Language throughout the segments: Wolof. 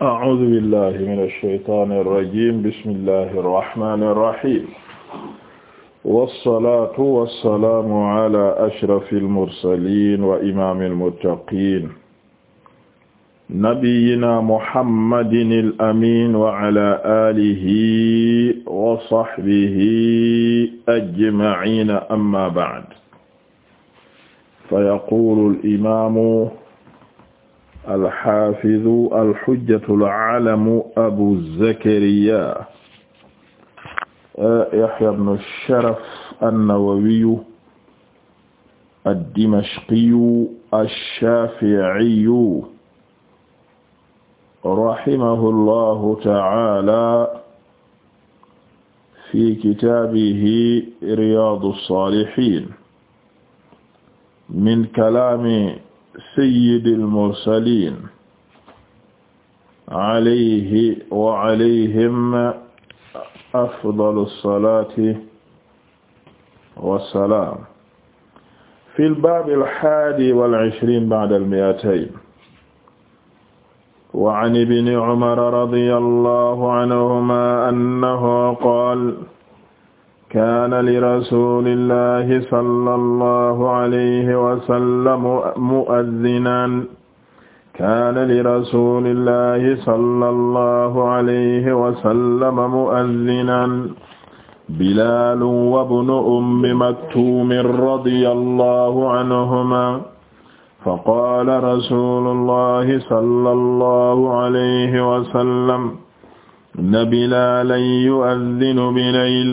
a'uuzu billahi mina shaytaani rajiim bismillahi rahmaani rahiim wassalaatu wassalaamu ala ashrafil mursaliin wa imaamil muttaqiin nabiyyinaa muhammadinil amiin wa ala aalihi wa sahbihi ajma'iin amma ba'd fa yaquulul imaamu alxafidu alxujjatu alaalamu abu zakariya eh, yahya bnu sharaf annawawiyu addimashqiyu alshafiiyu rahimahu allahu taala fi kitaabihi riyaadu saalihiin min kalaami sayyidil mursaliin alayhi wa alayhim afdalu salaati wa salaam. fil baabil haadi wal ishriin ba'dal mi'atayn. wa an ibni umar radiyallahu anhumaa annahu qaala kaana li rasulillahi sallallahu alayhi wa sallam mu'addinan kaana li rasulillahi sallallahu alayhi wa sallam mu'addinan bilaalun wa ibnu ummi maktuumin radiyallahu anhumaa faqaala rasuulullahi sallallahu alayhi wa sallam inna bilaalan yu'addinu bilayl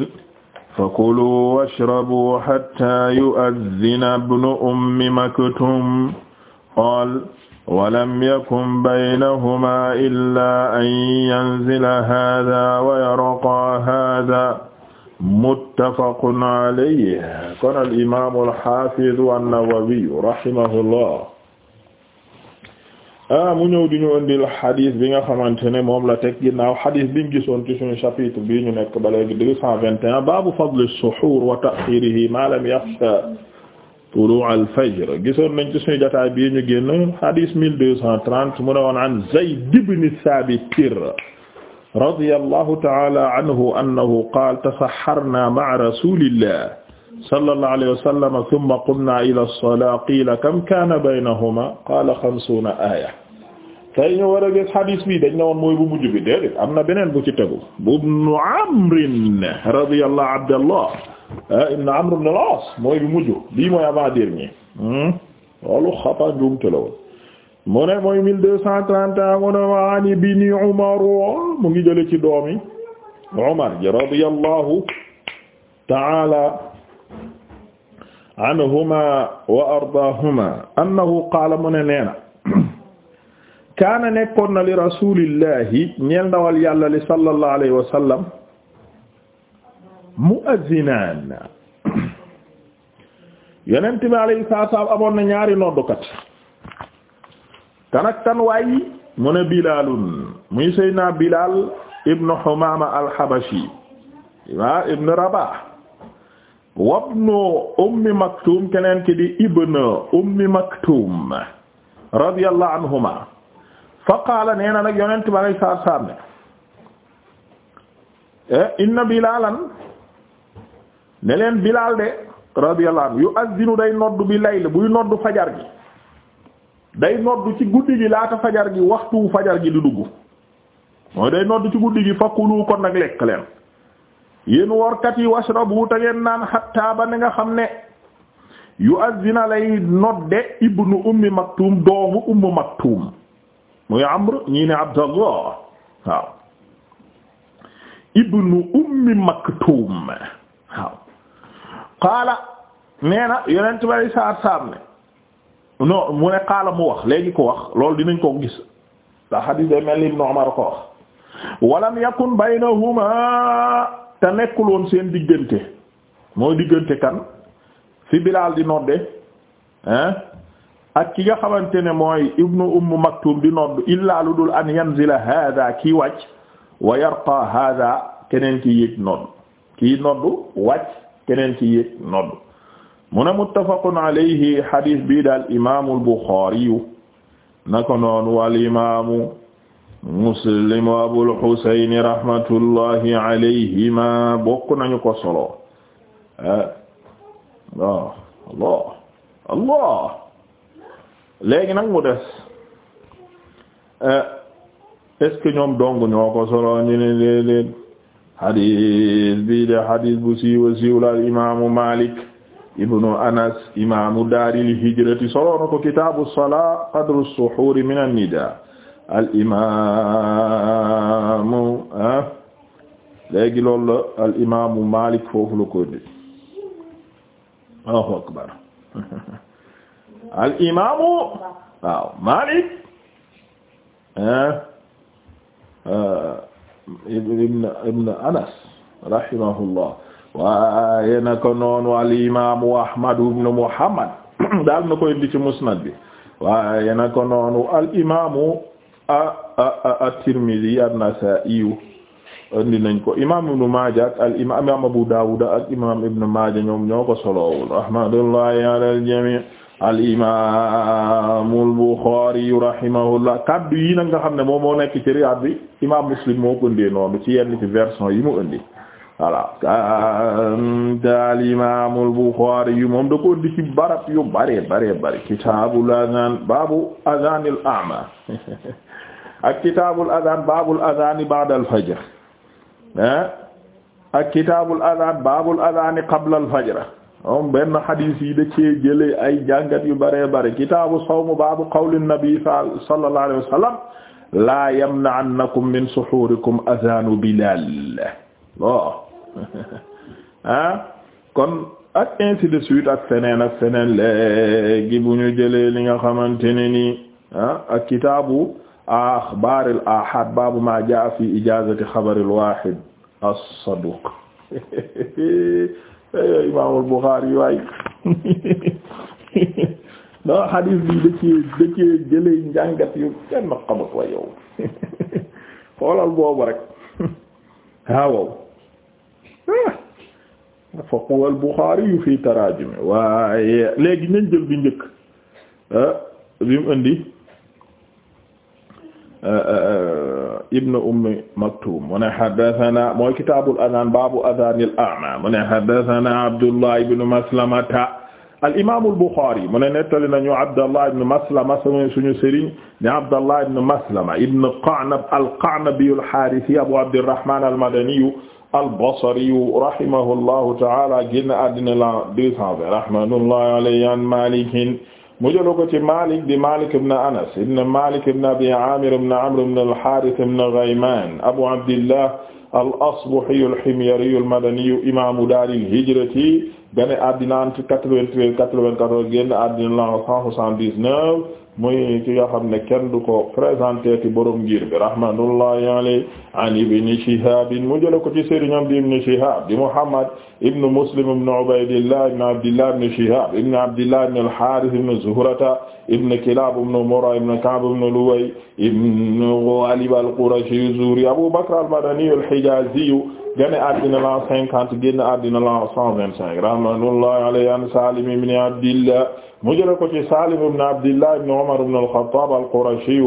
fakulu washrabu hatta yu'azzina ibnu ummi maktum qaala walam yakun baynahuma illaa an yanzila haadaa wa yarqaa haadaa muttafaqun alayhi kon al imaamu al haafidu an-nawawi rahimahullah ah mu ñëw di ñu indil hadith bi nga xamante ne moom la teg ginnaaw hadith biñ gisoon ci suñu chapitre bii ñu nekk ba léegi deux cent vingt et un baabu fadl as-suhur wa ta'khirihi ma lam yakhsha tulu' al-fajr gisoon nañ ci suñu jotaay bii ñu génn hadith mille deux cent trente mu ne woon an Zayd ibn Thabit radiyallahu ta'ala anhu annahu qala tasahharna ma'a rasulillah sallallahu alayhi wa sallam thumma qumna ila as-salaa qiila kam kaana baynahuma qaala xamsuuna aaya tey ñu war a gis hadis bi dañ ne woon mooy bu mujj bi déedéet am na beneen bu ci tegu bu ibnu amrin radiyallahu abdallah ah, ibnu amr ibn al-aas mooy bu mujj bii mooy avant-dernier hmm? loolu xata njuumte la woon mu ne mooy mille deux cent trente mu ne waani bi ni umar mu ngi jële ci doomi umar ji radiyallahu taala anhuma wa ardaahuma annahu qaala mu ne neena kaana nekkoon na li rasuulillahi ñeel ndawal yàlla li sallallahu alayhi wa sallam mu'azzinaan yonent bi alayhi salaatu salaam amoon na ñaari noddukat kan ak kan waay mu ne bilaalun muy seydina bilaal ibnu xumaama alxabashi wa ibnu rabaah wabnu ummi maktum keneen ki di ibn ummi maktum radiyallahu anhuma fa qaala na nag yonent ba ngay saar saar ne eh, inna bilaalan ne leen bilaal de radiyallahu yu azzinu day nodd bi layl buy nodd fajar gi day nodd ci guddi gi laata fajar gi waxtu fajar gi di dugg mooy day nodd ci guddi gi fa kulu kon nag lekk leen yéen workat yi washrabu a ngeen naan xatta ba ni nga xam ne yu azina lay nodde ibnu ummi maktum doomu ummu maktum muy amr ñii ne abdallah waaw ibnu ummi maktum waaw qaala nee na yonent bay saar saar ne no mu ne qaala mu wax léegi ko wax loolu dinañ koo gis da xadiis day mel ni ibnu umar ko wax walam yakun baynahuma te nekkul woon seen diggante mooy diggante kan fi Bilaal di nodde hein ak ki nga xamante ne mooy ibnu Umm Maktum di nodd illaa lu dul an yanzila hada kii wàcc wa yarqa hada keneen ki yéeg nodd kii nodd wàcc keneen ki yéeg nodd mu ne muttafaqun alayhi xadiis bii daal imaamu al Buxaari yu na ko noonu wal imaamu muslim wa abul xusayni rahmatullahi alayhima bokk nañu ko solo waaw eh, allah allah léegi nag mu des eh, est-ce que ñoom dong ñoo ko solo ñu ne déedéet xadiis bii de xadiis bu siiwa siiwla al imaamu Maalik ibnu Anas imaamu daaril hijrati solo na ko kitaabu salaa qadru suhuuri min an nidaa al imaamu ah léegi loolu la al imaamu Maalik foofu la ko di Allahu akbar al imaamu waaw Maalik ah, ah, ibn ibn Anas rahimahullah waaye naka noonu al imaamu Ahmad ibn Muhammad daal na koy indi ci musnad bi waaye naka noonu al imaamu at-Tirmidhi an-Nasa'i indi nañ ko imaam Ibn Maaja ak al imaam Abu Dawud ak imaam Ibn Maaja ñoom ñoo ko solowul rahmatullahi ala al-jami' al imaam al-Bukhari rahimahullah kaddu yi nag nga xam ne moom moo nekk ci bi imaam Muslim moo ko indee noonu ci yenn ci version yi mu indi voilà kanta al imaam al-Bukhari yi moom da ko indi ci barab yu bare bare bare kitaabul adaan baabu adaanil a'maa ak kitaabul adaan baabul adaani ba'dal fajr eh? ak kitaabul adaan baabul adaani qablal fajr moom benn xadiis yi da cee jëlee ay jàngat yu bëree bëri kitaabu sawm baabu qawli nabi sallallahu alayhi wa sallam laa yamna'annakum min suhuurikum adaanu bilaal bon ah kon ak ainsi de suite ak feneen ak feneen léegi bu ñu jëlee li nga xamante ne nii ah ak kitaabu. axbaaril ahad baabu maa jaa fi ijaazati xabaril waahid as-saduuq imaamul Buxaari waay non xadiis bi da cee da cee jëlee njàngat yu kenn xamut wa yow xoolal boobu rek waaw faqwa al-Buxaari yu fi taraajim waaye léegi nañ jël bi njëkk ah, bi mu Uh, uh, uh, ibn ummi maktum mu ne haddathana mooy kitaabul adaan baabu adaanil a'maa mu ne haddathana abdullah ibn maslamata al imaamul buxaari mu ne nettali nañu abdallah ibn maslama suñu sëriñ ne abdallah ibn maslama ibn qa'nab al qa'nabi al haarisi abu abdirrahmaan al madani al basri rahimahullahu ta'aala génn àddina la 220 rahmatullahi alayhi an maalik mu jëlu ko ci Malik di Malik ibn Anas ibn Malik ibn Abi Amir ibn Amr ibn al-Harith ibn Ghayman Abu Abdillah al-Asbahi al-Himyari al-Madani imamu dar al-hijrati gane addina entre quatre-vingt-treize quatre-vingt-quatorze génn addina la cent soixante-dix-neuf muy ki nga xam ne kenn du ko présenté ci borom ngir bi rahmatullahi alayhi an ibn Shihab mu jële ko ci sëriñam di ibn Shihab di Muhammad ibn Muslim ibn Ubaydillah ibn Abdillah ibn Shihab ibn Abdillah ibn al-Harith ibn Zuhrata ibn Kilab ibn Murra ibn Ka'b ibn Luway ibn Ghalib al-Qurashi az-Zuhri Abu Bakr al-Madani al-Hijazi gane addina la cinquante génn addina la cent vingt cinq rahmatullahi alayhi an Salim ibn Abdillah mu jële ko ci Salim ibn Abdillah ibn Umar ibn al-Khattab al-Qurashi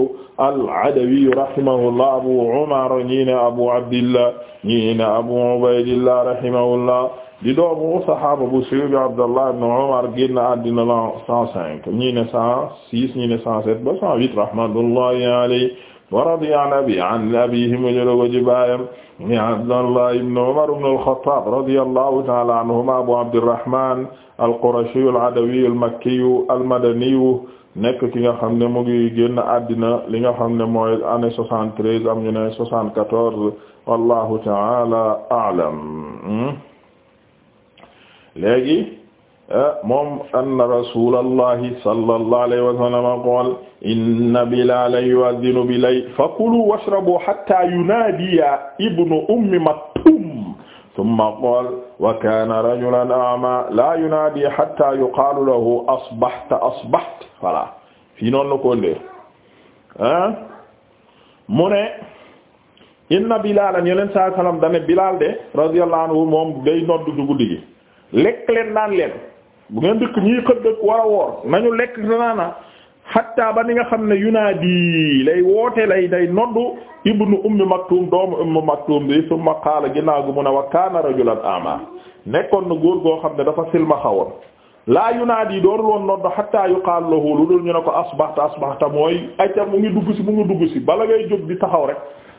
al-Adawi rahimahullah Abu Umar ñii ne Abu Abdillah ñii ne Abu Ubaydillah rahimahullah di doomu sahaaba bu siiw bi Abdallah ibn Umar génn addina la cent cinq ñii ne cent six ñii ne cent sept ba cent huit rahmatullahi alayhi wa radiya an abi an abihi mu jële ko ci baayam ni Abdallah ibn Umar ibn al-Khattab radiyallahu ta'ala anhuma Abu Abdirrahman al-Qurashi al-Adawi al-Makki al-Madani nekk ki nga xam ne mu ngi génn àddina li nga xam ne mooy année soixante-treize am ñu ne soixante-quatorze wallahu ta'ala a'lam hmm? léegi Eh, moom anna rasulallahi sallallahu alayhi wa sallam qaala inna bilalan yu'adhdhinu bilayl fakulu washrabu hatta yunadiya ibnu ummi maktum thumma qaala wa kana rajulan a'ma la yunadi hatta yuqalu lahu asbahta asbahta voilà fii noonu la ko ndee ah mu ne inna bilalan yeneen saa sallam dane bilal de radiyallahu anhu moom day nodd du guddi gi lekk leen naan leen bu ngeen dëkk ñii xëdd war a woor nañu lekk naana xatta ba ni nga xam ne yunaadi lay wootee lay day noddu ibnu ummi maktum doomu ummi maktum bi summa qaala ginnaaw gu mu a wa kaana rajulan ama nekkoon na góor goo xam ne dafa silmaxa woon laa yunaadi doonul woon noddu xatta yuqaal lahu lu dul ñu ne ko asbaxta asbaxta mooy acca mu ngi dugg si mu ngi dugg si bala ngay jóg di taxaw rek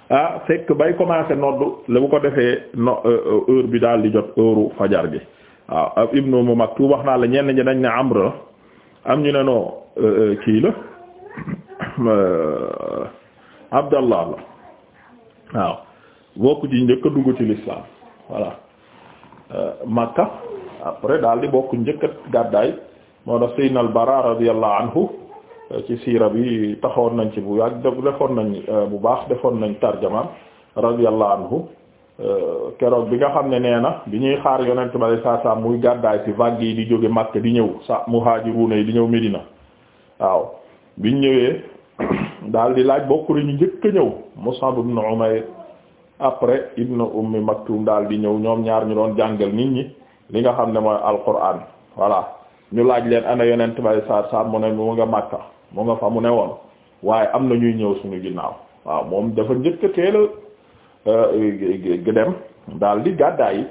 ah fekk bay commencé noddu la bu ko defee no euh, euh, heure bi daal di jot heure fajar gi waaw ab ibnu Umm wax naa la ñenn ñi dañ ne Amr la am ñu ne noo euh, euh, kii la euh, Abdallah la waaw bokk ci njëkk a dugg ci l'islam voilà Makka après daal di bokk njëkk a gàddaay moo tax Sayyidina al-Bara radiyallahu anhu ci siira bi taxoon nañ ci bu yàgg defoon nañ bu baax defoon nañ tarjamaam radiyallahu anhu Euh, keroog bi nga xam ne nee na bi ñuy xaar yonent bi saa saa muy gàddaay ci vague yi di jóge Makka di ñëw sa muhaajiruuna yi di ñëw Medina waaw biñ ñëwee daal di laaj bokk ñu njëkk mu ñëw Mus'ab ibn Umayr après ibn Ummi Maktum daal di ñëw ñoom ñaar ñu doon jàngal nit ñi li nga xam ne mooy Alquran voilà ñu laaj leen ana yonent bi saa saa mu ne mu nga Makka mu nga fa mu ne woon waaye am na ñuy ñëw suñu ginnaaw waaw moom dafa njëkk a Euh, dem daal di gàddaay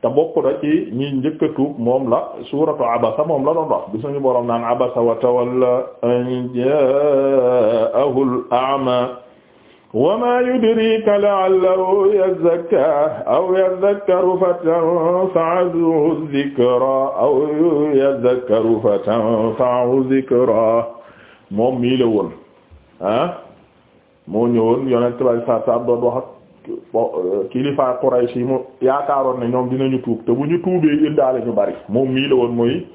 te bokk na ci ñi njëkk a tuub moom la suuratu abasa moom la doon wax bi suñu borom naan abasa wa tawalla an jaahu al-a'ma wa ma yudrika la'allahu yazakka aw yadhakkaru fatanfa'ahu dhikra aw yadhakkaru fatanfa'ahu dhikra moom mii la woon ah moo ñëwoon yonent bay sa sa doon wax Euh, kilifa Quraysh yi mu yaakaaroon ne ñoom dinañu tuub te bu ñu tuubee indaale ñu bari moom mii la woon mooy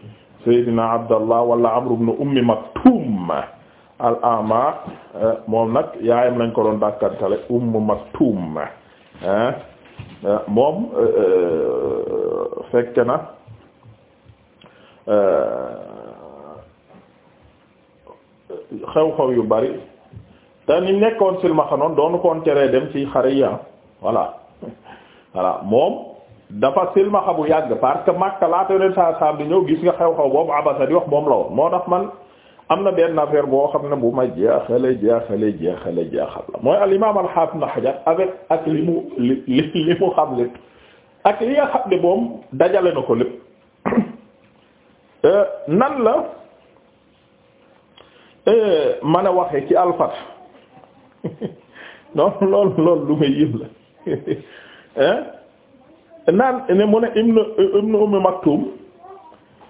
Seydina Abdallah wala Amr ibn Ummi Maktum al ama euh, moom nag yaayam lañ ko doon dàkkantale Ummu Maktum euh, moom fekk na xew-xew yu bari te ni nekkoon silmaxa noonu doonu koon teree dem ci xare yi ah, voilà moom dafa silmaxa bu yàgg parce que Makka laata yoneen saa saam di ñëw gis nga xew-xew boobu abasa wax moom la woon moo tax man am na benn affaire boo xam ne bu ma jeexale jeexale jeexale mooy al imam al-Hafiz avec ak li mu li li mu xam lépp ak li nga xam ne moom dajale na ko lépp euh, nan la euh, mën a waxe ci al non loolu loolu lu may yëg la naan ne mu ne ibnu ibnu ummi maktum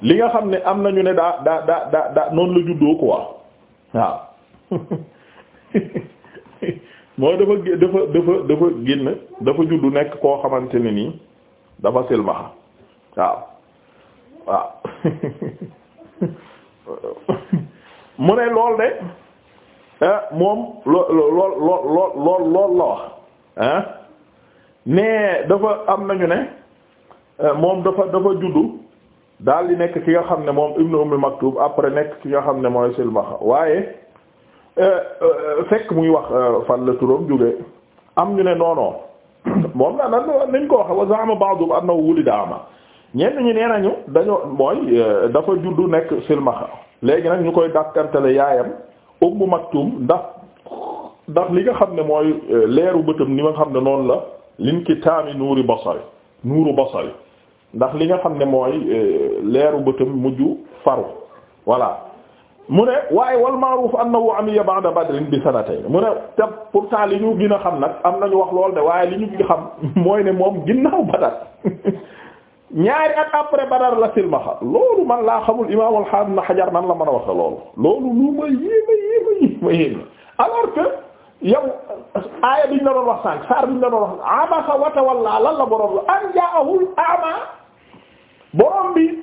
li nga xam ne am nañu ne daa daa daa daa noonu la juddoo quoi waaw mooy dafa dafa dafa dafa génn dafa juddu nekk koo xamante ne nii dafa silmaxa waaw waaw mu ne lool de Eh, moom loo lool lool lool lool la wax ah mais dafa am nañu ne eh, moom dafa dafa juddu daal di nekk ki nga xam ne moom ibnu ummi maktub après nekk ki nga xam ne mooy silmaxa waaye fekk muy wax fan la turam jóge am ñu ne noonoo moom na nan niñ ko waxe wa za'ama ba'du annahu wulida ama ñenn ñi nee nañu dañoo mooy dafa juddu nekk silmaxa léegi nag ñu koy dàkkantale yaayam Ummu Maktum ndax ndax li nga xam ne mooy euh, leeru bëtam ni nga xam ne noonu la liñ ki taami nuuri basari nuuru basari ndax li nga xam ne mooy euh, leeru bëtam mujj faru voilà mu ne waaye wal ma'ruf annahu amiya ba'da badrin bi sanatayn mu ne te pourtant li ñu gën a xam nag am na nañu wax lool de waaye li ñu gën a xam mooy ne moom ginnaaw badar ñaari at après Badar la silmaxa loolu man laa xamul imaam al-Hafiz Ibn Hajar nan la mën a waxe loolu loolu lu ma yéema yéema yéema yéema alors que yow aaya biñ la doon wax sànq saar biñ la doon wax abasa wa tawalla lan la borom la an jaa'ahul a'ma borom bi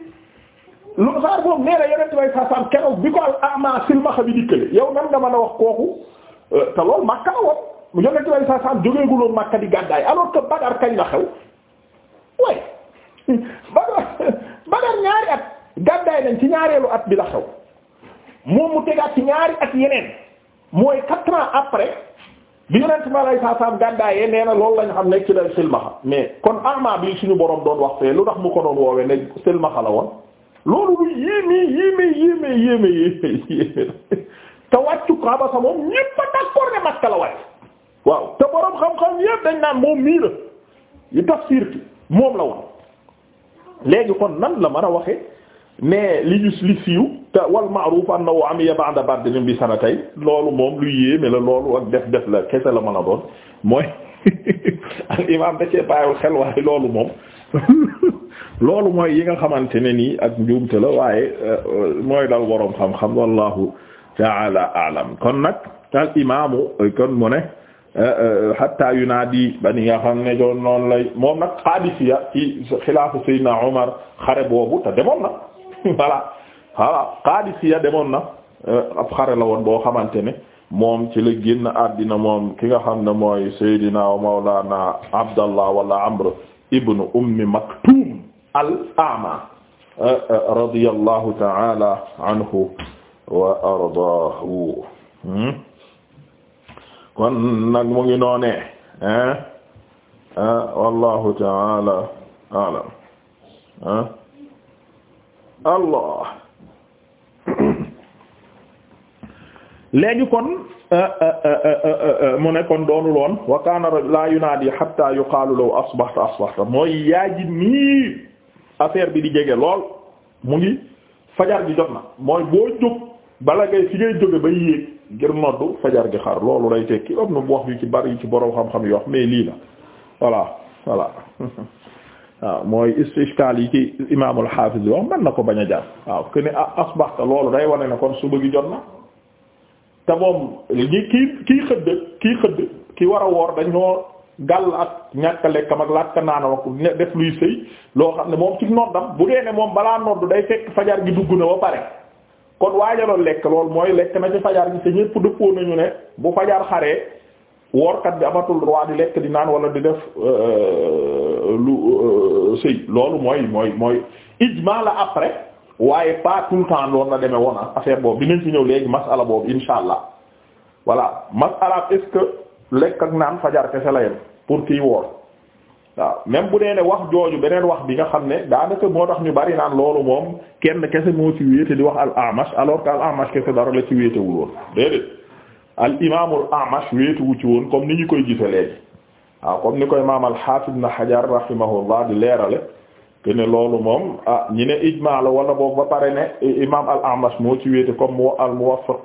lu saar boobu nee na yonent bay sa sam keroog bi ko al a'ma silmaxa bi dikkale yow nan nga mën a wax kooku euh, te loolu Makka la woon yonent bay sa sam jógeeguloon Makka di gàddaay alors que Badar kañ la xew way Badar Badar ñaari at gàddaay nañ ci ñaareelu at bi la xew moom mu tegaat ci ñaari at yeneen mooy quatre ans après bi yonent ma lay saa saam gàddaayee nee na loolu lañu xam ne ci la silmaxa mais kon almaa bi suñu borom doon wax fee lu tax mu ko doon woowee ne silmaxa la woon loolu lu yéeme yéeme yéeme te wàccu Kaaba moom ñépp a d'accord ne Makka la wàcc waaw te borom xam-xam yépp dañ naan moom mii la yu tafsir moom la woon. léegi kon nan la man a waxee mais li ñu li siiw te wal ma'ruf annahu amiya ba'da badrin bi tey loolu moom lu yéeme la loolu ak def def la kese la mën a doon mooy al imam da cee bàyyiwul xel waaye loolu moom loolu mooy yi nga xamante ne nii ak njuumte la waaye euh, mooy dal boroom xam-xam wallahu ta'ala a'lam kon nag al imaamu kon mu ne Eh, eh, hatta yunaadi ba ni nga xam ne joon noonu lay moom nag Qaadisiya ci xilaafu Seydina Omar xare boobu te demoon na voilà voilà Qaadisiya demoon na eh, ab xare la woon boo xamante ne moom ci la génn àddina moom ki nga xam ne mooy Seydina wa Mawlana Abdallah wala Amr ibn Ummi Maktum al-A'ma radiyallahu ta'ala anhu wa ardaahu hmm? kon nag mu ngi noonee hein ah, wallahu taala alam hein ah? allah léegi kon ah, mu ne kon doonul woon wa kaana la yunaadi hatta yuqaalu law asbahta asbahta mooy yaaji nii affaire bi di jege lool mu ngi fajar gi jot na mooy boo jóg bala ngay fi ngay jóge ba yéeg ngir noddu fajar gi xar loolu day tekki am na wax yu ci bari yu ci borom xam-xam yi wax mais lii la voilà voilà waaw mooy istishkaal yi ci imaamul xaafis bi wax mën na ko bañ a jàpp waaw que ne ah, asbaxta loolu day wane ne kon suba gi jot moom ñi kii xëdd kii xëdd ki war a woor dañoo gàll ak ñàkk lekkam ak laaj ka naana wax def luy sëy loo xam ne moom ci noddam bu dee ne moom balaa nodd day fekk fajar gi dugg na ba pare kon waajaloon lekk loolu mooy lekk na ci fajar gi te pour dëppoo nañu ne bu fajar xaree woorkat bi amatul droit di lekk di naan wala di def euh, lu euh, sëy loolu mooy mooy mooy ijma la après waaye pas tout le temps loolu la demee woon affaire boobu bi dinañ ci ñëw léegi masala boobu insha allah voilà masala est-ce lekk ak naan fajar kese la yem pour kiy woor waaw même bu dee ne wax jooju beneen wax bi nga xam ne daanaka moo tax ñu bari naan loolu moom kenn kese moo ci wéete di wax al amash alors que kese dara la ci wéetewul woon déedéet al imaamul wéetewu comme ni koy gise léegi ni koy maam al haafid ibn hajar rahimahullah di leerale te ne loolu moom ah ñi ne ijmaa la wala boobu ba pare ne imaam al amash moo ci wéete comme mu al muwaffiq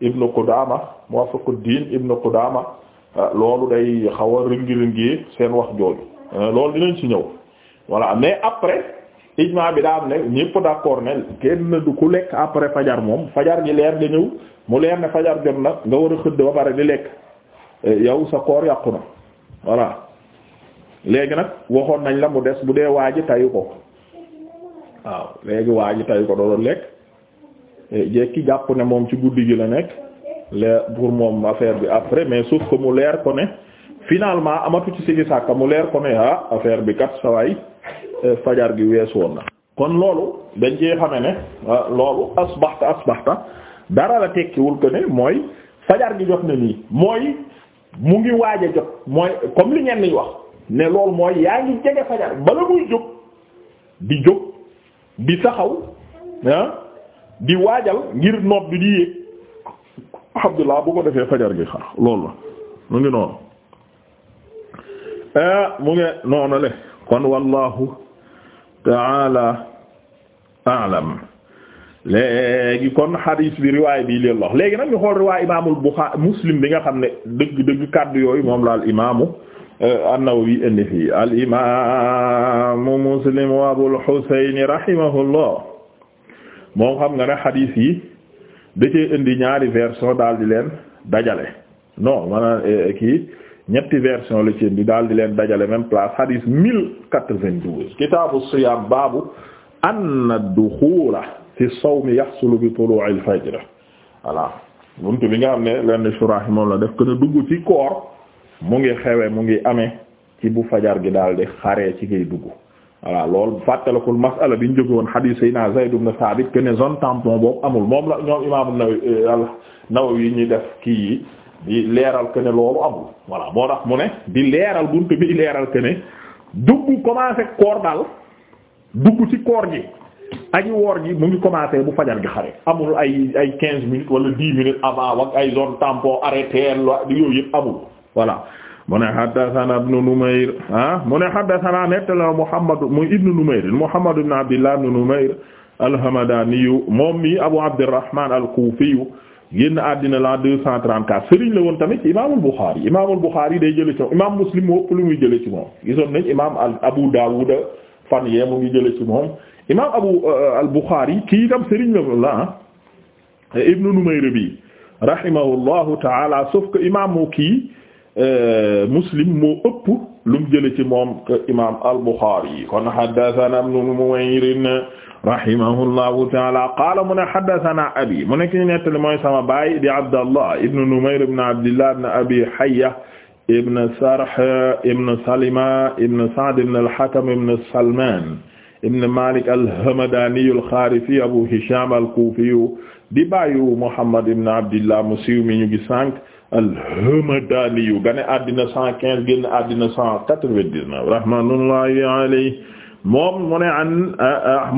ibnu qudama muwaffiqud diin ibnu qudama ah, loolu day xaw a rëngi seen wax jooju Euh, loolu dinañ si ñëw voilà mais après ijmaa bi daa am ne ñëpp d'accord ne kenn du ku lekk après fajar moom fajar gi leer nga ñëw mu leer ne fajar jot nag nga war a xëdd ba pare di lekk e, yow sa koor yàqu na voilà léegi nag waxoon nañ la mu des bu dee waa ji tayu ko waaw léegi waa ji tayu ko doon lekk e, jekki jàpp ne moom ci guddi gi la nekk leer pour moom affaire bi après mais suuf que mu leer ko ne finalement amatu ci sigi mu leer ko ne ah affaire bi kat sawaay eh, fajar gi wees woon na kon loolu dañ cee xame ne ah, loolu asbaxta asbaxta dara la tekkiwul ko ne mooy fajar gi jot na nii mooy mu ngi waaj a jot mooy comme li ngeen yi wax ne loolu mooy yaa ngi jege fajar bala muy jóg di jóg di taxaw ah, di waajal ngir noot bi di yéeg abdullah bu ko defee fajar gi xar loolu la mu ngi noonu Eh, mu ngi noonu le kon wallahu taala alam léegi kon hadis bi riwaay bi leen wax léegi nag ñu xool riwaay imaamul Buxaari Muslim bi nga xam ne dëgg dëgg kàddu yooyu moom la al imaamu eh, an-Nawawi indi fii al imaamu Muslim wa Abul Husayn rahimahullah moom xam nga ne hadis yi da cee indi ñaari version daal di leen dajale non maanaam eh, kii. ñetti version la ci indi daal di leen dajale même place hadith mille quatre-vingt-douze kitaabu siyaam baabu anna duxuula fi sawmi yaxsulu bi pour tuluu'il fajr voilà buntu bi nga xam ne lenn surah moom la def ko ne dugg ci koor mu ngi xewe mu ngi amee ci bu fajar gi daal di xaree ci ngay dugg voilà loolu fàttalikul masala bi ñu jóge woon hadith sayna Zayd ibn Thabit que ne zone tampon boobu amul moom la ñoom imaam Nawawi ñu def kii yi. di leeral que loolu amul voilà moo tax mu ne di leeral buntu bi di leeral que ne dugg commencé koor daal ci koor gi aji woor gi mu ngi commencé bu fajar gi xare amul ay ay quinze minutes wala dix minutes avant ak ay zone tampon arrêté di yooyu yëpp amul voilà mu ne haddathana ibnu Numayr ah mu ne haddathana nettala Muhammad mu ibnu Numayr Muhammad ibn Abdillah ibn Numayr al-Hamadaniyu moom mi Abu Abdurrahman al-Kufiyu génn àddina la 234 sëriñ la woon tamit ci imaamul Buxaari imaamul Buxaari day jële ci moom imaam Muslim moo ëpp lu muy jële ci moom gisoon nañ imaam al Abu Daawuda fan yee mu ngi jële ci moom imaam Abu euh, al Buxaari kii itam sëriñ la la ah, ibnu Numayr bi rahimahullahu taala sauf que imaam moo kii euh, Muslim moo ëpp lu mu jëlee ci moom imaam al-Bukhari kon haddathana ibn Numayr rahimahullahu ta'ala qaala mu ne haddathana abi mu ne ki nettali mooy sama baay di Abdallah ibn Numayr ibn Abdillah ibn Abi Hayya ibn Sarh ibn Salima ibn Sa'd ibn al-Hakam ibn Salman ibn Malik al-Hamadani al-Kharifi Abu Hisham al-Kufi di baayu Muhammad ibn Abdillah mu siiw mi ñu gi sànq al-Hamdaniyu gane àddina cent quinze génn àddina cent quatre-vingt-dix-neuf rahmatullahi alayhi moom mu ne an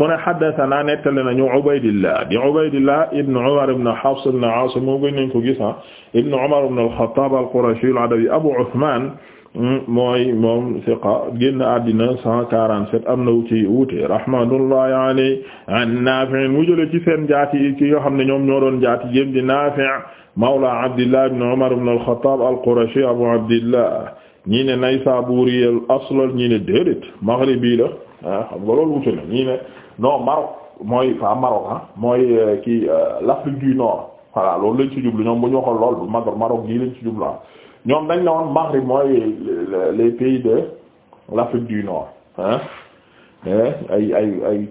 mu ne haddathana nettali nañu Ubaydillah di Ubaydillah ibn Umar ibn Hafs ibn Asim moo gën nañ ko gis ah, ibn Umar ibn al-Khattab al-Qurashi al-Adawi Abu Uthman mm, mooy moom siqa génn àddina cent quarante-sept am na ci wuute rahmatullahi alayhi an Nafi' mu jële ci seen jaati ki nga xam ne ñoom ñoo doon jaati jëm di Nafi' mawla abdillah ibn umar ibn al-khattab al-qurashi abu abdillah ñii ne naysaburi al-asl ñii ne maghribi la ah xam nga loolu wuute na ñii ne non Maroc mooy fa Maroc ah mooy euh, kii euh, l'Afrique du Nord voilà loolu lañ ci jublu ñoom bu ñu waxoon lool bu Maroc Maroc gii lañ ci jublu ah. ñoom dañ ne woon Maghrib mooy euh, les pays de l'Afrique du Nord ah eh, ay ay ay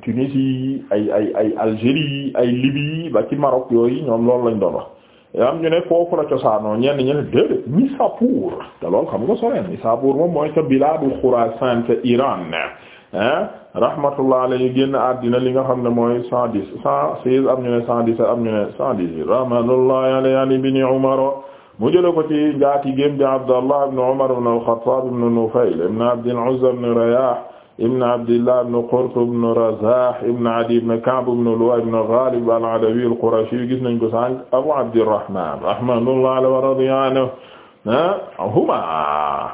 ay ay ay Algérie ay Libye ba yooyu ñoom loolu lañ doon am ñu ne foofu la cosaanoo ñenn ñu ne déedéet Nisapur te loolu xam nga soreen Nisapur moom mooy ca bilaadu Xuraasaan ca Iran ah rahmatullah alayhi génn àddina li nga xam ne mooy cent dix cent seize am ñu ne cent dix-sept am ñu ne cent dix-huit rahmatullahi alayhi ibn Umar mu jële ko ci njaati gém di Abdallah ibn Umar ibn al-Khattab ibn Nufayl ibn Abd al-Uzza ibn Riyah ibn abdillah ibn qurt ibn razah ibn adi ibn ka'b ibn lu'ay ibn ghalib al-adawi al-qurashi gis nañ ko sànq abu abdirrahman rahmatullah alayhi wa radiya anhuma ah,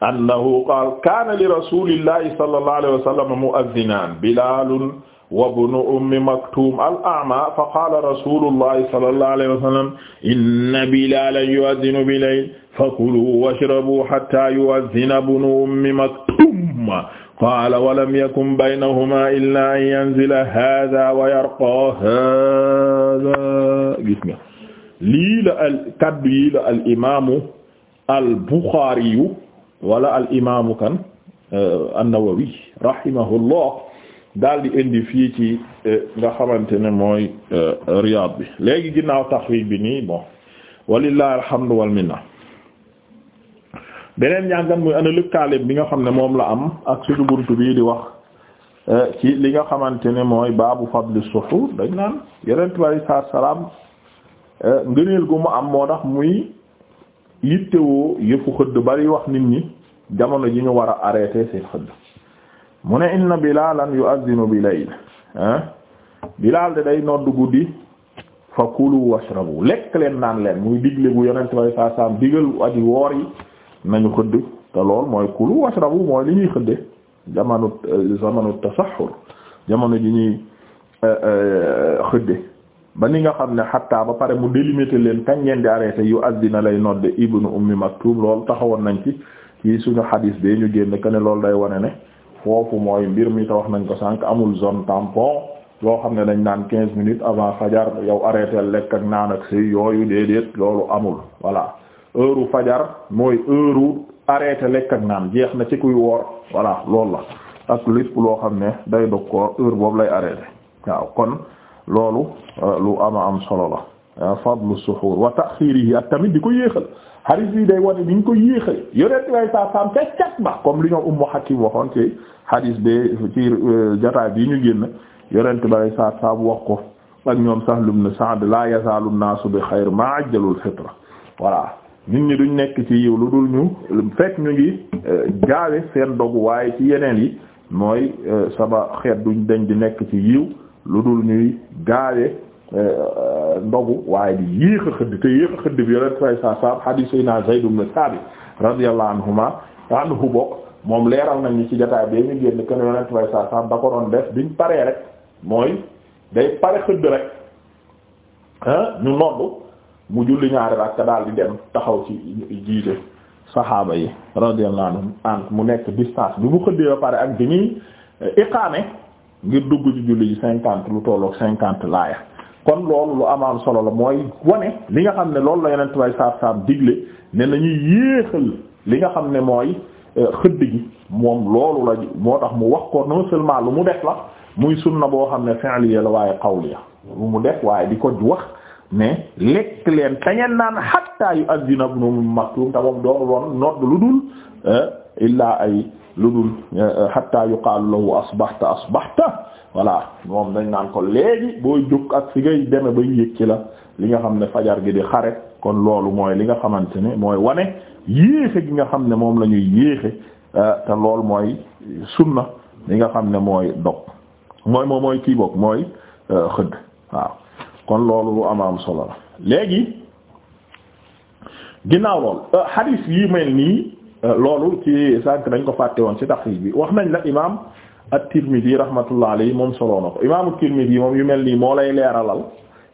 annahu qala kana li rasulillahi sallallahu alayhi wa sallam mu'adhdhinan bilalun wabnu ummi maktum al a'ma fa qaala rasulullahi sallallahu alayhi wa sallam inna bilalan yu'adhdhinu bilayl fakulu washrabuu hatta yu'adhdhina ibnu ummi maktum qaala walam yakun baynahuma illa an yanzila haadha wa yarqaa haadha gis nga lii la al kaddu yi la al imaamu al buxaari wala al imaamu kan euh, an-nawawi rahimahullah daal di indi fii ci eh, nga xamante ne mooy eh, Riyad bi léegi ginnaaw tax taxrij bi nii bon walillahi alhamdu wal minna beneen ñàngan muy ana lëkkaaleem bi nga xam ne moom la am ak suñu buntu bii di wax eh, ci li nga xamante ne mooy baabu fadli suhur dañ naan yeneen bi saa salaam ngëneel gu mu am moo tax muy yittewoo yëfu xëdd bari wax nit ñi jamono ji ñu war a arrêter seen xëdd mu ne inna bilalan yu'adhinu bi layl ah, bilaal de day nodd guddi fa kulu washrabu lekk leen naan leen muy digle bu yonent bay saa saam digal aji yi nañu xëdd te lool mooy kulu washrabu mooy li ñuy xëdde jamono jamono tasahhur jamono ji ñuy eh, eh, xëdde ba ni nga xam ne xatta ba pare mu délimité leen kañ ngeen di arrêté yu addina lay nodde ibnu ummi maktum loolu taxawoon nañ ci ci suñu xadiis bee ñu génn que ne loolu day wane ne foofu mooy mbir mi te wax nañ ko sànq amul zone tampon loo xam ne dañ naan quinze minutes avant fajar yow arrêté lekk ak naan ak si yooyu déedéet loolu amul voilà heure fajar mooy heure arrêté lekk ak naan jeex na ci kuy woor voilà loolu la ak lépp loo xam ne day dog koor heure boobu lay arrêté waaw kon loolu euh, lu ama am solo la Ah, fadlu suxuur wa taxiirihi ak tamit di ko yéexal hadith bi day wane ni ñu ko yéexal yonent way saa saam ca cat ba comme li ñoom Ummu Hakim waxoon ci hadith bi ci euh, jotaay bi ñu génn yonent ba saa saam wax ko ak ñoom Sahl ibn Sa'd la yazaalu an-naasu bi xayr ma ajjalul fitra voilà nit ñi duñ nekk ci yiw lu dul ñu fekk ñu ngi gaawe euh, seen dogu waaye ci yeneen yi mooy euh, saba xeet duñ dañ di nekk ci yiw lu dul ñuy gaawe ndogu waaye di yéex a xëdd te yéex a xëdd bi yonent fay sa sab naa Zayd ibn Thabit radiyallahu anhuma anhu bokk moom leeral nañu ci jotaay bi ñu génn kenn yonent fay sa sab da ko doon def biñ paree rek mooy day pare xëdd rek ñu noddu mu julli ñaari rek te daal di dem taxaw ci jiite saxaaba yi radiyallahu anhum mu nekk distance bi mu xëddee ba pare ak bi ñuy iqaame ngir dugg ci julli ji cinquante lu tollook cinquante laaya kon loolu lu amaam solo la mooy wane li nga xam ne loolu la yeneen way saab saab digle ne nañuy yéexal li nga xam ne mooy euh, xëdd gi moom loolu la moo tax mu wax ko non seulement lu mu def la muy na boo xam ne fi'liya la waaye qawliya lu mu def waaye di ko wax ne lekk leen te ngeen naan hatta yu addina bu umm maktum te moom doonu loon nodd lu dul euh, illaa ay lu dul euh, hatta yuqaalu lahu asbahta asbahta voilà moom dañ naan ko léegi boo jóg ak fi ngay deme ba yëg ci la li nga xam ne fajar gi di xare kon loolu mooy li nga xamante ne mooy wane yéexe gi nga xam ne moom la ñuy yéexe euh, te lool mooy sunna li nga xam ne mooy dog mooy moom mooy kii boog mooy euh, xëdd waaw kon loolu lu am am solo la léegi ginnaaw lool euh, hadith yi mel nii loolu ci sànk dañ ko fàtte woon ci taxriij bi wax nañ la imaam at-Tirmidhi rahmatullah alayhi moom soloo na ko imaamu at-Tirmidhi moom yu mel nii moo lay leeralal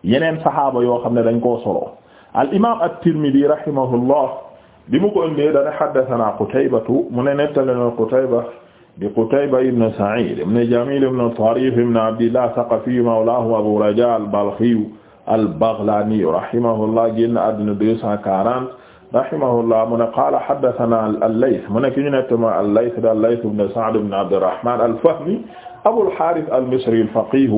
yeneen saxaaba yoo xam ne dañ koo soloo al imaam at-Tirmidhi rahimahullah bi mu ko indee dana haddathana Qutaybatu mu ne nettali na Qutayba di Qutayba ibn Sa'id ibn Jamil ibn Tarif ibn Abdillah Thaqafi mawlahu Abu Raja al-Balkhi al-Baghlani rahimahullah génn àdduna 240 rahimahullah mu ne qaala haddathana al-Layth mu ne ki ñu nekk ma al-Layth da al-Layth ibn Sa'd ibn Abdurrahman al-Fahmi Abul Harith al-Misri al-faqih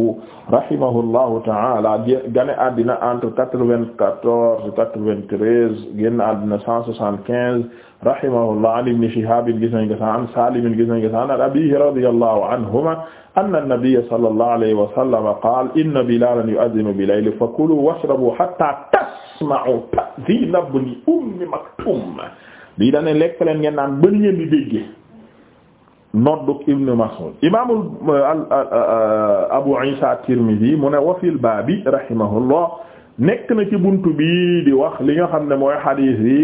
rahimahullahu ta'ala gane àddina entre quatre-vingt-quatorze quatre-vingt-treize génn àddina cent soixante-quinze rahimahullah an Ibn Shihab gis nañ ko an Salim gis nañ ko an abihi radiyallahu anhuma anna nabiyya sallallahu alayhi wa sallam qaala inna bilaalan yu'adhdhinu bi-layl fakuluu washrabuu hattaa tasma'uu ta'dhiina ibni ummi maktuum lii da ne lekk leen ngeen naan ba ngeen di dégg nodduk Ibn Mas'ud imaamul euh, euh, euh, Abu Isa Tirmidhi mu ne wa fil baabi rahimahullah nekk na ci buntu bi di wax li nga xam ne mooy xadiis yi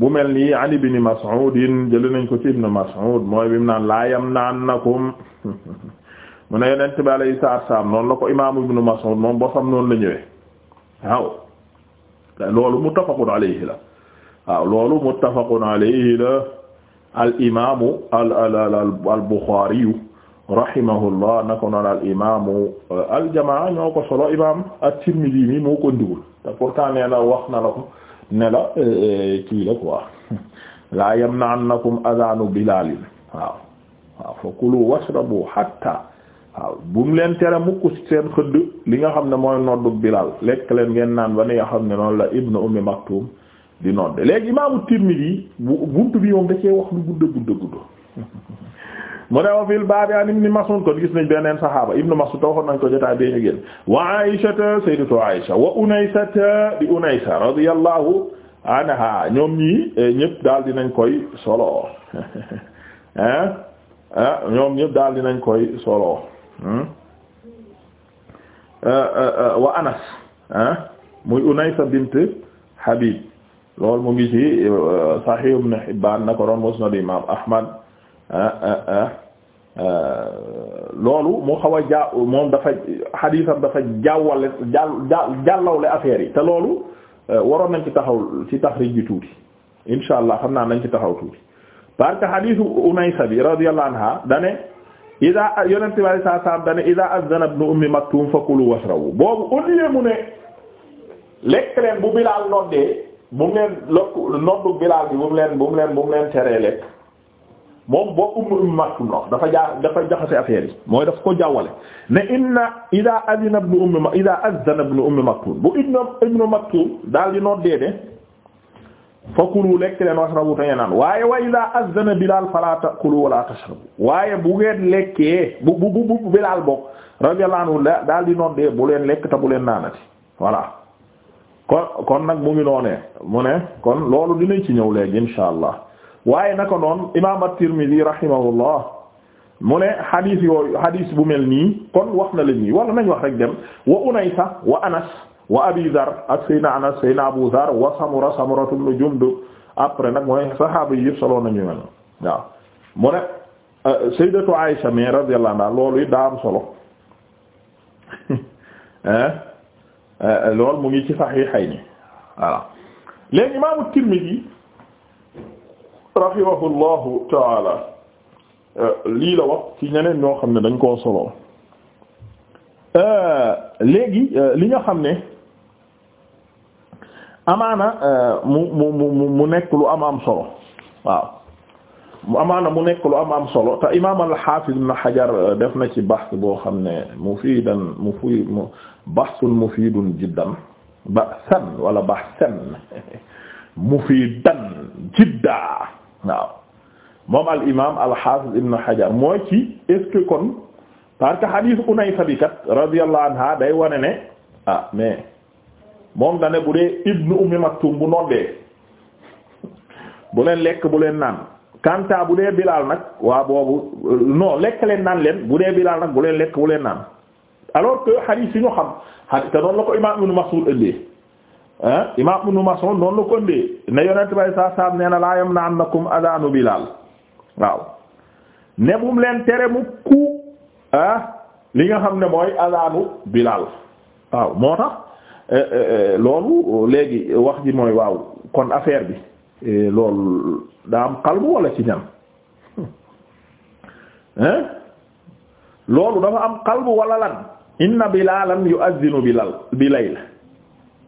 bu mel nii an Ibn Mas'ud jëlee nañ ko ci Ibn Mas'ud mooy bi mu naan laa yamna'annakum mu ne yonent bi alayhi salaatu salaam noonu la ko imaamu ibnu Mas'ud moom boo xam noonu la ñëwee waaw loolu muttafaqun alayhi la waaw loolu muttafaqun alayhi la al imaamu al al al al Buxaari rahimahullah nako noon al imaamu al jamaa ñoo ko solo imaam at-Tirmidhi mi moo ko ndiwul te pourtant nee na wax na la ko ne la eh, eh, kii la quoi laa yamna'annakum adhaanu Bilaal waaw waaw fa kulu washrabu hatta waaw bu mu leen tere mukk seen xëdd li nga xam ne mooy noddu Bilaal lekk leen ngeen naan ba ni xam ne noonu la Ibnu Ummi Maktum di nodde léegi imaamu yi bu buntu bi moom da cee wax lu gudda gudda gudda mu ne wa fil baabi an Ibnu Mas'ud kon gis nañ beneen saxaaba Ibnu Mas'ud waxoon nañ ko jotaay bee ñu génn wa Aysata sayyidatu Aysa wa Unaysata di Unaysa radiyallahu anha ñoom ñii eh, ñëpp daal nañ koy solo ah ñoom ñëpp daal nañ koy solo Hmm? Euh, euh, euh, wa anas muy unaysa bint habib loolu mu ngi ci sahih ibn hibban na ko doon musnad imam ahmad loolu mu xaw a jaa moom dafa xadiisam dafa jàwwale jàll jàllawle affaire yi te loolu waroon nañ ci taxaw ci taxrij bi tuuti insha allah xam naa nañ ci taxaw tuuti parce que xadiisu unaysa bi radiyallahu anha dane ida yonente bi alei saa salaam dane ida azzana ibnu ummi maktum fakulu wasrabu boobu au mu ne lekk leen bu bilaal noddee bu mu leen lokk noddu bilaal bi bu mu leen bu mu leen teree lekk moom boo ummu ummi maktum la dafa jaa dafa jaxase affaire mooy daf ko jàwwale ne inna ida azina ibnu ummi ida azzana ibnu ummi maktum bu ibnu ibnu maktum daal di noddee de fakulu lekk leen naan waaye wa iza azzana Bilaal fala takulu wala tashrabu waaye bu ngeen lekkee bu bu bu Bilaal bokk radiyallahu anhu daal di noddee bu leen lekk te bu leen naanati voilà kon kon nag mu ngi noonee mu ne kon loolu dinañ ci ñëw léegi insha allah waaye naka noon imaam at-Tirmidhi rahimahullah mu ne xadiis yooyu xadiis bu mel nii kon wax na la ñii wala nañ wax rek dem wa Unaysa wa Anas wa abi dhar ak sayna anas sayna abu dhar wa samura samuratu ibn jundub après nag mooy sahaaba yi yëpp solo nañu mel waaw mu ne euh, sayyidatu aisha mi radiyallahu anha loolu it daa am solo euh, loolu mu ngi ci sahihayni voilà léegi imaamu tirmidhi rahimahullahu taala euh, lii la wax ci ñeneen ñoo xam ne dañ koo solo léegi li nga xam ne amaana euh, mu mu mu mu nekk lu am am solo waaw mu amaana mu nekk lu am am solo te imaam al-Hafiz Ibn Hajar euh, def na ci bahth boo xam ne mufiidan mufiid bahthun mufiidun jiddan bahsan wala bahsan mufiidan jiddan waaw moom al imaam al-Hafiz Ibn Hajar mooy ci est-ce que kon parce que hadith Unaysa bi kat radiyallahu anha day wane ne ah mais. moom dane bu dee ibnu ummi maktum bu noddee bu leen lekk bu leen naan kanta bu dee bilaal nag waa boobu non lekk leen naan leen bu dee bilaal nag bu leen lekk bu leen naan alors que xadiis yi ñu xam xadiis te noonu la ko imaam ibnu mas'ud ëndee ah imaam ibnu la ko ëndee ne yonent bay saa saam nee na laa yam na annakum adaanu bilaal waaw ne leen tere mu ku li nga xam ne mooy adaanu bilaal waaw moo tax Euh, euh, euh, loolu léegi wax ji mooy waaw kon affaire bi loolu daa am xalbu wala ci ñan hein loolu dafa am xalbu wala lan inna bilalan yu'adhdhinu bilal bi layla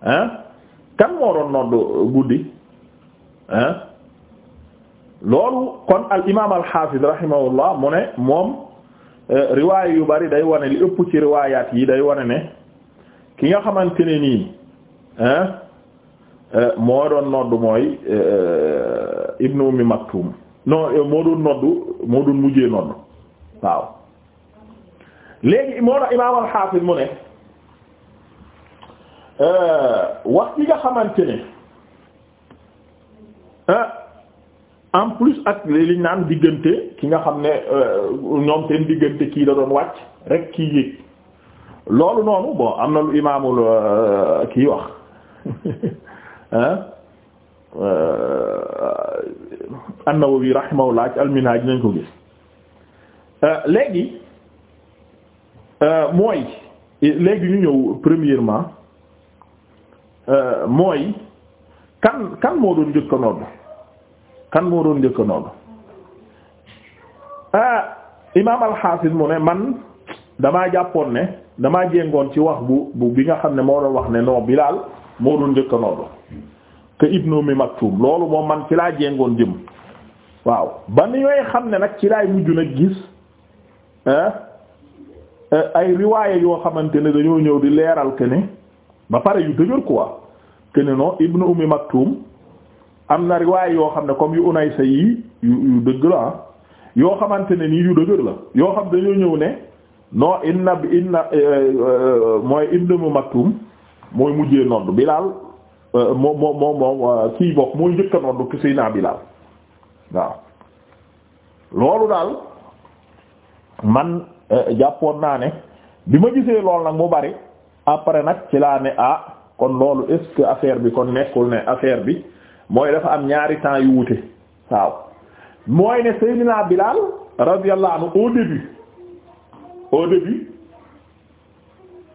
hein kan moo doon nodd guddi hein loolu kon al imaam al xaafid rahimahullah mu ne moom riwaay yu bari day wane li ëpp ci riwaayaat yi day wane ne ki nga xamante ne nii euh, moo doon nodd mooy euh, ibnu ummi maktum non euh, moo doon nodd moo doon mujjee nodd waaw léegi moo doon imaam al-Hafiz mu ne wax yi nga xamante ne en plus ak liñ naan diggante ki nga xam ne ñoom seen diggante kii da doon wàcc rek kii yéeg loolu noonu bon am na lu imaamul euh, kii wax euh, an-Nawawi rahimahullah ci al-Minhaj nañ ko gis euh, léegi mooy léegi ñu ñëw premièrement mooy kan kan moo doon njëkk a kan moo doon njëkk a imaam al-Hafiz mu ne man damaa jàppoon ne damaa jéngoon ci wax bu bu bi nga xam ne moo doon wax ne non laal moo doon njëkk a nodd Ibnu Ummi Maktum loolu moom man ci laa jéngoon jëm waaw ba ni ñooy xam ne nag ci laay mujj nag gis eh, ay riwaaye yoo xamante ne dañoo ñëw di leeral que ne ba pare yu dëgër quoi que ne non Ibnu Ummi Maktum am na riwaaye yoo xam ne comme yu Unaysa yi yu dëgg la ah, yoo xamante ne nii yu dëgër la yoo xam dañoo ñëw ne. non inna inna eh, eh, mooy Ibnu Maktum mooy mujjee nodd Bilaal eh, moom moom moom moom kii bokk mooy njëkk nodd ki Seydina Bilaal waaw loolu daal man jàppoon naa ne bi ma gisee loolu nag mu bari après nag ci laa ne ah kon loolu est-ce que affaire bi kon nekkul ne affaire bi mooy dafa am ñaari temps yu wute waaw mooy ne Seydina Bilaal radiyallahu anhu au début au début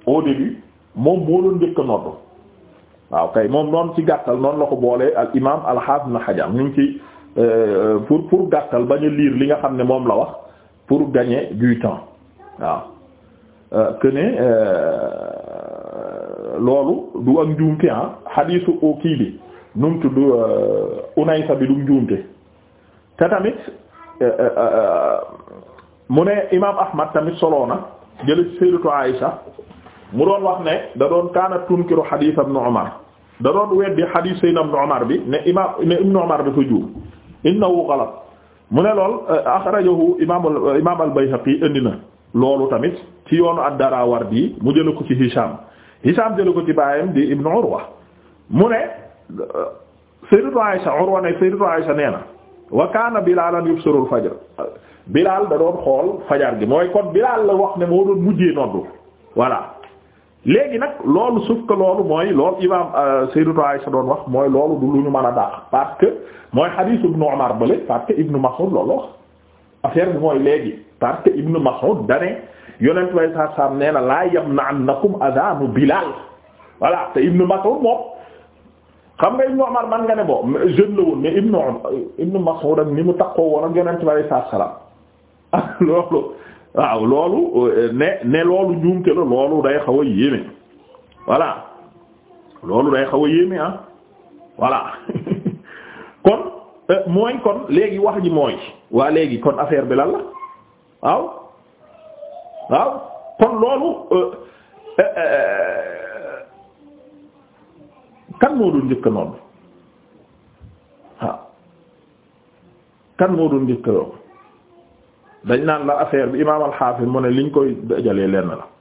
au début moom moo doon njëkk nodd waaw kay moom noonu ci gàttal noonu la ko boolee al imaam al hafiz na xajar ñu ngi ci euh, pour pour gàttal bañ liir li nga xam ne moom la wax pour gagner du temps waaw euh, que euh, loolu du ak njuumte ah xadiisu au kii bi nu mu tudd unaysa bi du njuumte te tamit. mu ne imaam Ahmad tamit soloo na jële ci sayyidatu Aisha mu doon wax ne da doon kaana tunkiru hadith ibn Umar da doon weddi hadith sayyidina ibn Umar bi ne imaam ne ibn Umar dafa juum innahu ghalat mu ne lool eh, akhrajahu imaam eh, imaam al-Bayhaqi indi na loolu tamit ci yoonu ad-Darawardi mu jële ko ci Hisham Hisham jële ko ci baayam di ibn Urwa mu ne eh, sayyidatu Aisha Urwa ne sayyidatu Aisha nee na wa kaana Bilaalan yubsiru al-fajr Bilaal da doon xool fajar gi mooy kon Bilaal la wax ne moo doon mujjee noddu voilà léegi nag loolu suuf que loolu mooy loolu imam euh, Sayyidatu Aisha doon wax mooy loolu du lu ñu mën a dàq parce que mooy xadiisu Ibnu Umar bële parce que Ibnu Mas'ud loolu affaire bi mooy léegi parce que Ibnu Mas'ud dane yonent way sa sam nee na laa yamna'annakum adanu Bilaal voilà te Ibnu Mas'ud moom xam nga Ibnu Umar man nga ne bo jeune la woon mais Ibnu Ibnu Mas'ud ak ni mu takkoo woon ak yonent way loolu waaw loolu ne ne loolu njuumte la loolu day xaw a yéeme voilà loolu day xaw a yéeme ah voilà kon euh, mooy kon léegi wax ji mooy waa léegi kon affaire bi lal la waaw waaw kon loolu euh, euh, kan moo doon njëkk noonu kan moo doon njëkk noonu dañ naan la affaire bi imaam al-Hafiz mu ne liñ koy dajalee lenn la